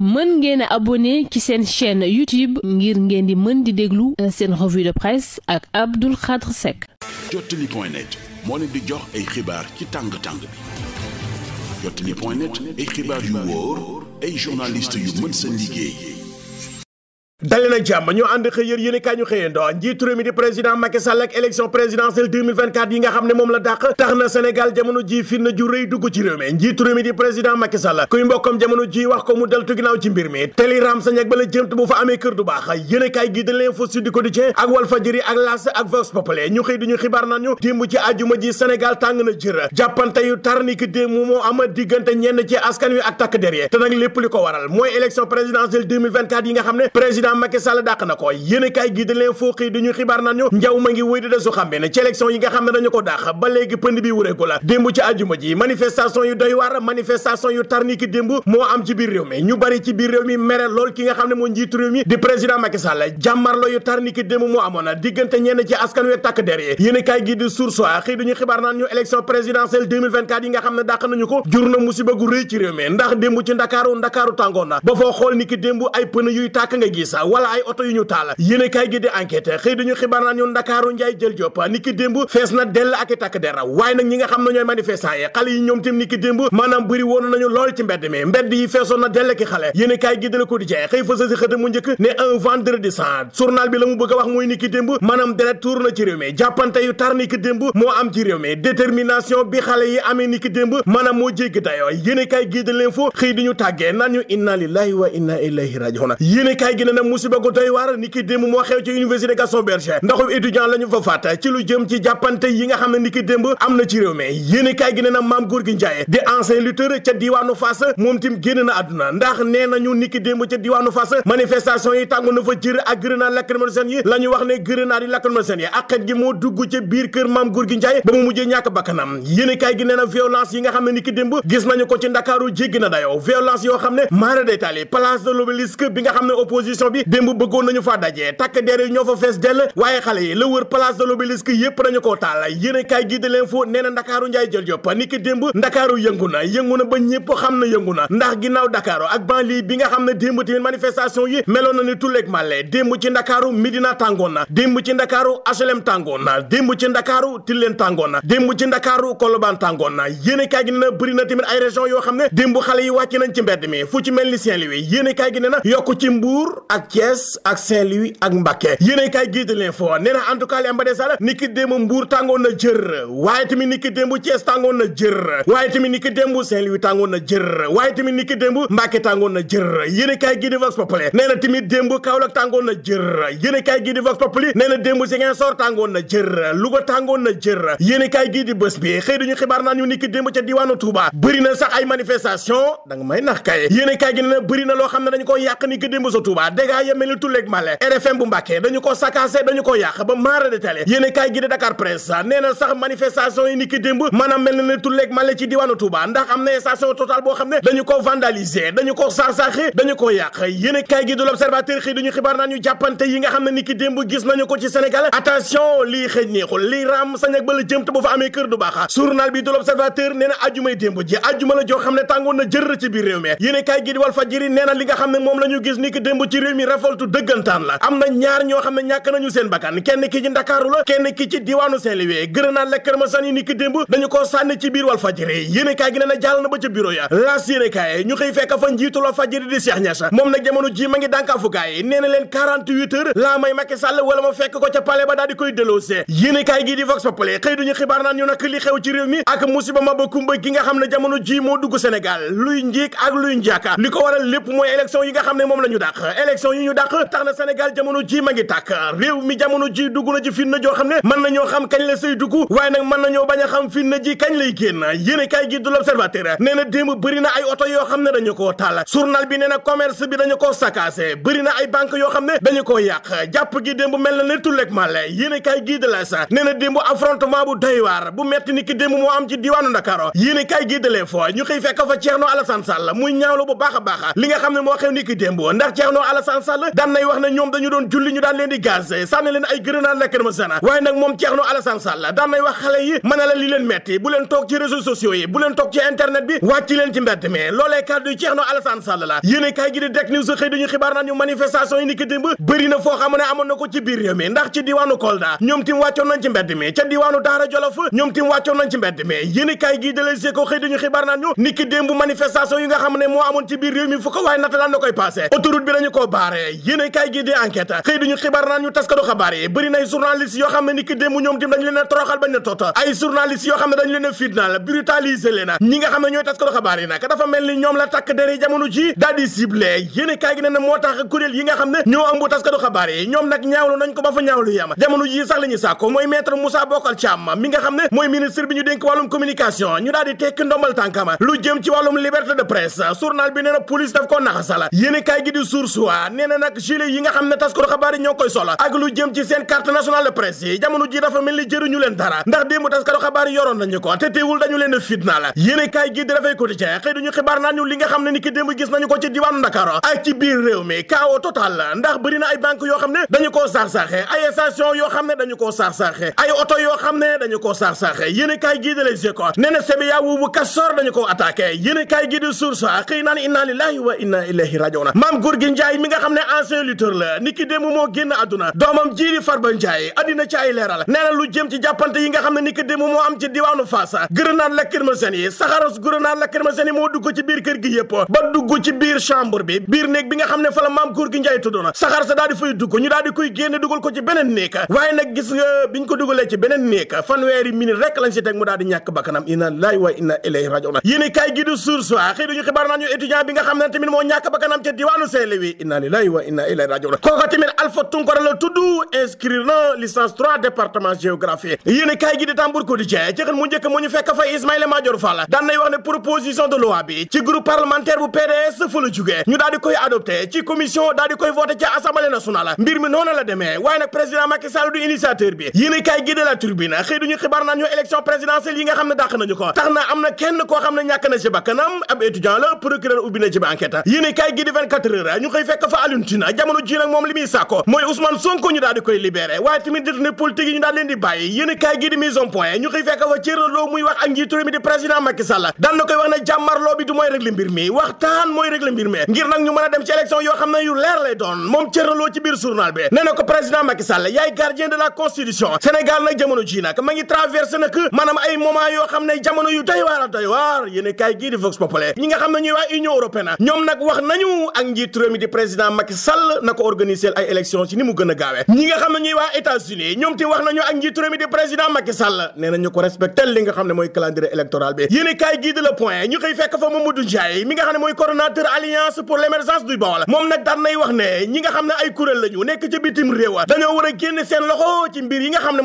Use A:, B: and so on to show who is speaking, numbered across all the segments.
A: mën ngeen a ci seen chaîne YouTube ngir ngeen di mën di déglu euh, seen revue de presse ak Abdou Khadre Seck. Jotali point net moo leen di jox ay xibaar ci tàng tàng bi Jotali point dale nag jàmm ñoo ànd xëy yér ñu xëyando njiitu réew mi di président Macky Sall ak élection présidentielle 2024 yi nga xam ne moom la dàq tax na Sénégal jamono ji fitna ju rëy dugg ci réew mi njiitu mi di président Macky Sall kuy mbokkam jamono ji wax ko mu deltu ginnaaw ci mbir mi te li sañak bala jëmt bu fa amee kër du baax yéen gi de l'info Sud Quotidien ak di ci àjjuma ji jër jàppante yu tarniki ak takk der te nag lépp li ko président dàq na ko yéenekaay gi di leen foo xëy ñu xibaar nañu njaw ma ngi wéy di desu xambe ci élection yi nga xam ne dañu ko dàq ba léegi pënd bi wureeku la démb ci àjjuma ji manifestation yu doy waar manifestation yu tarniki démb moo am ci biir réew mi ñu bari ci biir réew mi mere lool ki nga xam ne moo njiitu réew mi di président Macky Sall jàmmarlo yu tarniki démb moo amoon na diggante ñenn ci askan wi takk der yi yéenekaay gi di wala ay oto yu ñu taal yéen kaay gi di enquête xëy dañu xibaar naan ñu ndakaaru njaay jël jopp ni démb fees na dell ak i takk der waaye nag ñi nga xam ne ñooy manifestant yi xale yi ñoom tim ni démb maanaam bëri woon nañu lool ci mbedd mi mbedd yi feesoon na dell ki xale yéen kaay gi di la quotidien xëy fësa si xët mu njëkk ne un vendredi sans journal bi la mu bëgg a wax mooy ni démb maanaam deret tuur na ci réew mi jàppante yu tar musiba gu doy waar ni ki démb moo xew ci université Gaston Berger ndaxum étudiant la fa faat ci lu jëm ci jàppante yi nga xam ne ni démb am na ci réew mi yéene kaay gi nee maam góor gi Njaay di ancien lutteur ca yi ak grenade lacrymogène yi la yi ak xet gi moo dugg ca biir kër maam góor ba mu mujjee ñàkk bakkanam yéene kaay gi nee violence yi nga xam ne ni démb gis nañu ko ci Ndakaaru jéggi na dayoo violence yoo xam ne maara de l'Obélisque bi démb bëggoon nañu faa dajee takk der yi ñoo fa fees dell waaye xale yi la wër place de l'obélisque yépp dañu koo taal yéen kaay gi de l'info nee na ndakaaru njaay jël jopp ni ki démb ndakaaru yëngu na yëngu na ba ñëpp xam na yëngu na ndax ginnaaw dakaaru ak banlieue bi nga xam ne démb tamit manifestation yi meloon na ni tulleeg màlle démb ci ndakaaru midina tàngoon na démb ci ndakaaru HLM tàngoon na démb ci ndakaaru tilleen tàngoon na démb ci ndakaaru kolobaan tàngoon yoo xam ne démb xale yi wàcc nañ ci mbedd Thiès ak Saint-Louis ak Mbacké yéenay kaay gii di l'info nee na en tout cas Mbaye Sall niki démb Mbour tàngoon na jër waaye tamit niki démb Thiès tàngoon na jër waaye tamit niki démb Saint-Louis tàngoon na jër waaye tamit niki démb Mbacké tàngoon na jër yéenay kaay gii di Vox Populi nee na démb Kaolack tàngoon na jër yéenay kaay gii di Vox Populi nee na tàngoon na jër Louga tàngoon na jër yéenay kaay gii di Bës Bi xëy dañu xibaar naan ñu niki démb ca diwaanu Touba bëri sax ay manifestation da nga may nax kay yéenay kaay gi nee na bëri loo xam ne dañu ko yàq niki démb gaa ya mel ni tulleeg male RFM bu Mbàkke dañu ko sakaase dañu ko yàq ba maara de tale yéene kaay gi Dakar Presse nee sax manifestation yi ni ki démb mel na ne tulleeg male ci diwaanu Touba ndax am na station Total boo xam ne dañu ko vandaliser dañu ko sarsaaxe dañu ko yàq yéene kaay gi de L'Observateur xëy duñu xibaar naa ñu jàppante yi nga xam ne ni ki gis nañu ko ci Sénégal attention lii xëj neexul lii raam sañ ak bala mi dëggantaan la am na ñaar ñoo xam ne ñàkk nañu seen bakkan kenn ki ci ndakaaru la kenn ki ci diwaanu Saint-Louis grenade lacrymogène yi ni ki démb dañu koo sànni ci biir Walfadjri yéenekaay gi nee gi di Vox Populi xëy duñu xibaar naan ñu nag li xew ci réew mi ak musiba ma ba kumba gi nga xam ne jamono ji moo dugg Sénégal luy njiig ak luy njaaka li ko waral lépp mooy élection yi nga xam ne moom la ñu élection yi ñu dàq tax na Sénégal jamono ji ma ngi tàkk réew mi jamono ji dugg na ci fin na joo xam ne mën nañoo xam kañ la say dugg waaye nag mën nañoo bañ a xam fin na ji kañ lay génn yéen kaay gi du l'observateur nee na démb bëri na ay oto yoo xam ne dañu koo taal journal bi nee na commerce bi dañu koo sakaase bëri na ay banque yoo xam ne dañu koo yàq jàpp gi démb mel na ne tulleeg male yéen kaay gi de sa nee na démb affrontement bu doy waar bu metti ni ki démb moo am ci diwaanu Ndakaaru yéen kaay gi de les fo ñu xëy fekk fa Thierno Alassane Sall muy ñaawlu bu baax a baax li nga xam ne moo xew ni ki démb ndax Thierno Alassane Alassane Sall daan nay wax ne ñoom dañu doon julli ñu daan leen di gaz sànni leen ay grenade lacrymogène waaye nag moom Thierno Alassane Sall daan nay wax xale yi mën la li leen metti bu leen toog ci réseaux sociaux yi bu leen toog ci internet bi wàcc leen ci mbedd mi loolee kàddu Thierno Alassane Sall la yéene kaay gi di Direct News xëy dañu xibaar naan ñu manifestation yi ni ki démb bëri na foo xam ne amoon na ko ci biir réew mi ndax ci diwaanu xibaar yéen gi di enquête xëy duñu xibaar naan ñu taskatu xabaar yi bëri nay journaliste yoo xam ne ni ki démb ñoom tim dañ leen a bañ a tot ay journaliste yoo xam ne dañ leen a fitnaal leen ñi nga xam ne ñooy taskatu xabaar yi nag dafa mel ni ñoom la takk der yi jamono ji daal di ciblé yéen gi ne na moo tax kuréel yi nga xam ne ñoo ëmb taskatu xabaar yi ñoom nag ñaawlu nañ ko ba fa ñaawlu yam jamono ji sax la nee na nag gilet yi nga xam ne taskatu xabaar yi koy sola ak lu jëm ci seen carte nationale de presse yi jamono ji dafa mel ni jëriñu leen dara ndax démb taskatu xabaar yi yoroon nañu ko te teewul dañu leen fitna la yéen kaay gi di dafay quotidien xëy duñu xibaar naan ñu li nga xam ne ni ki démb gis nañu ko ci diwaanu Ndakaaru ak ci biir réew mi kawo total la ndax bëri ay banque yoo xam ne dañu koo saax-saaxe ay station yoo xam ne dañu koo saax xam ne la ni ki démb moo génn àdduna doomam jiiri Farba Ndiaye addina ci ay leeral nee na lu jëm ci jàppante yi nga xam ne ni ki démb moo am ci diwaanu Fass grenade lacrymogène yi saxaras moo dugg ci biir kër gi yëpp ba dugg ci biir chambre bi biir néeg bi nga xam ne fa la maam góor gi Ndiaye tuddoona saxaar sa daal fay dugg ñu daal di génne dugal ko ci beneen néeg waaye nag gis nga biñ ko dugalee ci beneen néeg fanweeri minute rek lañ si teg mu daal di ñàkk bakkanam inna lillahi wa nga xam ne tamit moo ñàkk inna wa inna ilayhi rajiun kooka tamit Alpha Tunkara la tudd inscrire na licence 3 département géographie yéen a kaay gi di Tambour Quotidien ci xën mu njëkk mu ñu fekk fay Ismaïla Madior Fall daan nay wax ne proposition de loi bi ci groupe parlementaire bu PDS fa la jugee ñu daal koy adopté ci commission daal koy voté ci assemblée nationale mbir mi noonu la demee waaye nag président Macky Sall du initiateur bi yéen a ne dàq nañu la procureur a kaay Alioune Tine jamono ji nag moom li muy sàkko mooy Ousmane Sonko ñu daal koy libéré waaye tamit détenu politique yi ñu daal leen di bàyyi yéen kaay gi di mise point ñu xëy fekk fa Thierno Lo muy wax ak njiitu réew di président Macky Sall daan na koy wax ne jàmmarloo bi du mooy régler mbir mi waxtaan mooy régler mbir mi ngir nag ñu mën dem ci élection yoo xam ne leer lay doon moom Thierno Lo ci biir journal bi nee na ko président Macky Sall yaay gardien a doy waar yéen kaay gii président na ko organiser ay élection ci ni mu gën a ñi nga xam ne ñuy waa États-Unis ñoom ti wax nañu ak njiitu réew mi président Macky nee na ñu ko respecté li nga xam ne mooy calendrier électoral bi yéen i kaay point ñu xëy fekk fa Mamadou Ndiaye mi nga xam ne mooy coordonnateur alliance pour l'émergence du Baol moom nag daan wax ne ñi nga xam ne ay kuréel lañu nekk ca bitim réew dañoo war génn seen loxo ci mbir yi nga xam ne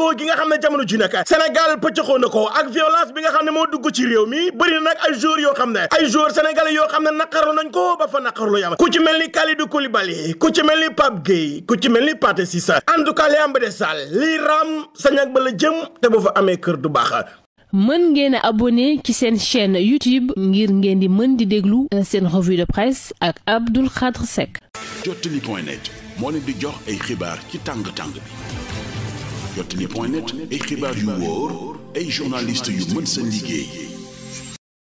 A: pëccëxoo gi nga xam ne jamono ji nag Sénégal pëccëxoo na ko ak violence bi nga xam ne moo dugg ci réew mi bëri na nag ay yoo xam ne ay joueurs sénégalais yoo xam ne naqarlu nañ ko ba fa naqarlu yam ku ci mel ni Kalidou Koulibaly ku ci mel ni Pape Gueye ku ci mel ni Pathé Ciss en tout cas li am ba des daal lii raam sañag ba la jëm te bu fa amee kër du baax mën ngeen a abonné ci seen chaîne YouTube ngir ngeen di mën di déglu euh, seen revue de presse ak Abdou Khadre Seck. Jotali point moo leen xibaar ci tàng tàng jotali point net ay xibaar yu wóor ay journaliste yu